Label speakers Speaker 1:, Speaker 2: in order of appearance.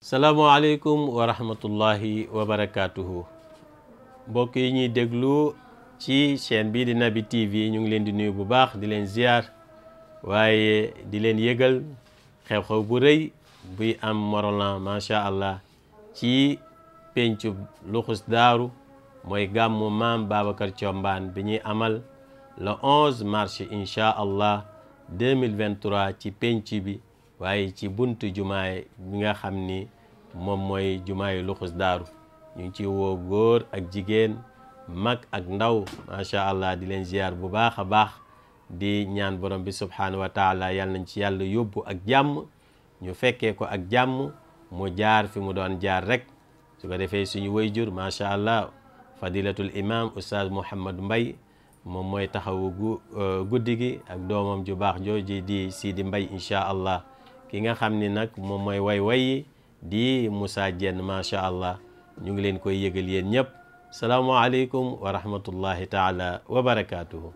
Speaker 1: salaamaaleykum wa rahmatullahi wa mbokk yi ñuy déglu ci chaîne bi di Naby TV ñu ngi leen di nuyu bu baax di leen ziar waaye di leen yëgal xew-xew bu rëy buy am Morolan macha allah ci penc luxus daaru mooy gàmmu maam Babacar bi ñuy amal le 11 mars incha allah 2023 ci penc bi. waaye ci buntu jumaay bi nga xam ni moom mooy jumaayu luxus daaru ñu ngi ci woo góor ak jigéen mag ak ndaw macha allah di leen ziar bu baax a baax di ñaan borom bi subhaanahu wa taala yàlla nañ ci yàlla yóbbu ak jàmm ñu fekkee ko ak jàmm mu jaar fi mu doon jaar rek su ko defee suñu wayjur macha allah fadilatul imam oustaz Mouhamed mbay moom mooy taxawu euh, guddi gi ak doomam ju baax jooju di Sidi mbay incha allah ki nga xam ni nag moom mooy way way di Moussa Dieng macha allah ñu ngi leen koy yëgal yéen ñëpp salaamualeykum wa rahmatullahi taala wa barakaatuhu